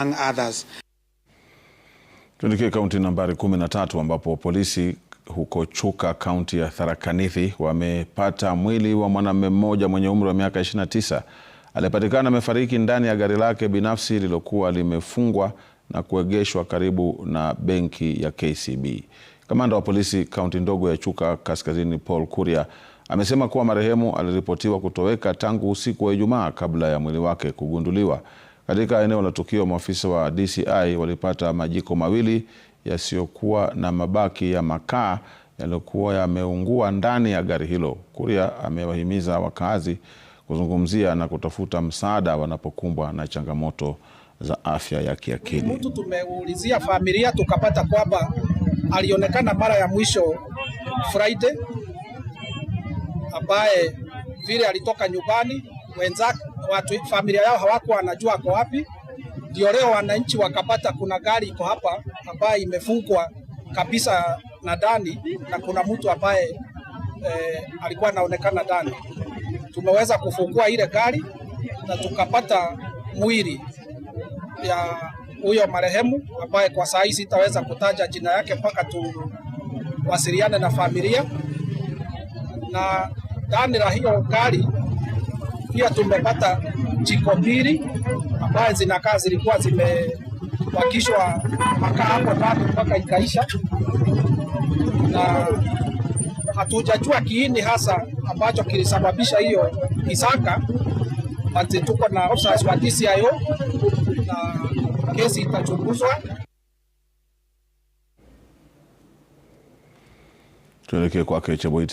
among others. Tuelekee kaunti nambari 13 ambapo polisi huko Chuka kaunti ya Tharaka Nithi wamepata mwili wa mwanamume mmoja mwenye umri wa miaka 29 aliyepatikana amefariki ndani ya gari lake binafsi lililokuwa limefungwa na kuegeshwa karibu na benki ya KCB. Kamanda wa polisi kaunti ndogo ya Chuka Kaskazini, Paul Kuria, amesema kuwa marehemu aliripotiwa kutoweka tangu usiku wa Ijumaa kabla ya mwili wake kugunduliwa. Katika eneo la tukio, maafisa wa DCI walipata majiko mawili yasiyokuwa na mabaki ya makaa yaliyokuwa yameungua ndani ya gari hilo. Kuria amewahimiza wakazi kuzungumzia na kutafuta msaada wanapokumbwa na changamoto za afya ya kiakili. Mtu tumeulizia familia tukapata kwamba alionekana mara ya mwisho Friday, ambaye vile alitoka nyumbani wenzake, watu familia yao hawako wanajua ako wapi, ndio leo wananchi wakapata kuna gari iko hapa ambayo imefungwa kabisa na ndani na kuna mtu ambaye e, alikuwa anaonekana ndani. Tumeweza kufungua ile gari na tukapata mwili ya huyo marehemu ambaye kwa saa hii sitaweza kutaja jina yake mpaka tuwasiliane na familia. Na ndani la hiyo gari pia tumepata jiko mbili ambayo zinakaa zilikuwa zimebakishwa makaa hapo bado mpaka ikaisha, na hatujajua kiini hasa ambacho kilisababisha hiyo kisaka. Ati tuko na officers wa DCIO na kesi itachunguzwa. Tuelekee kwake Cheboiti.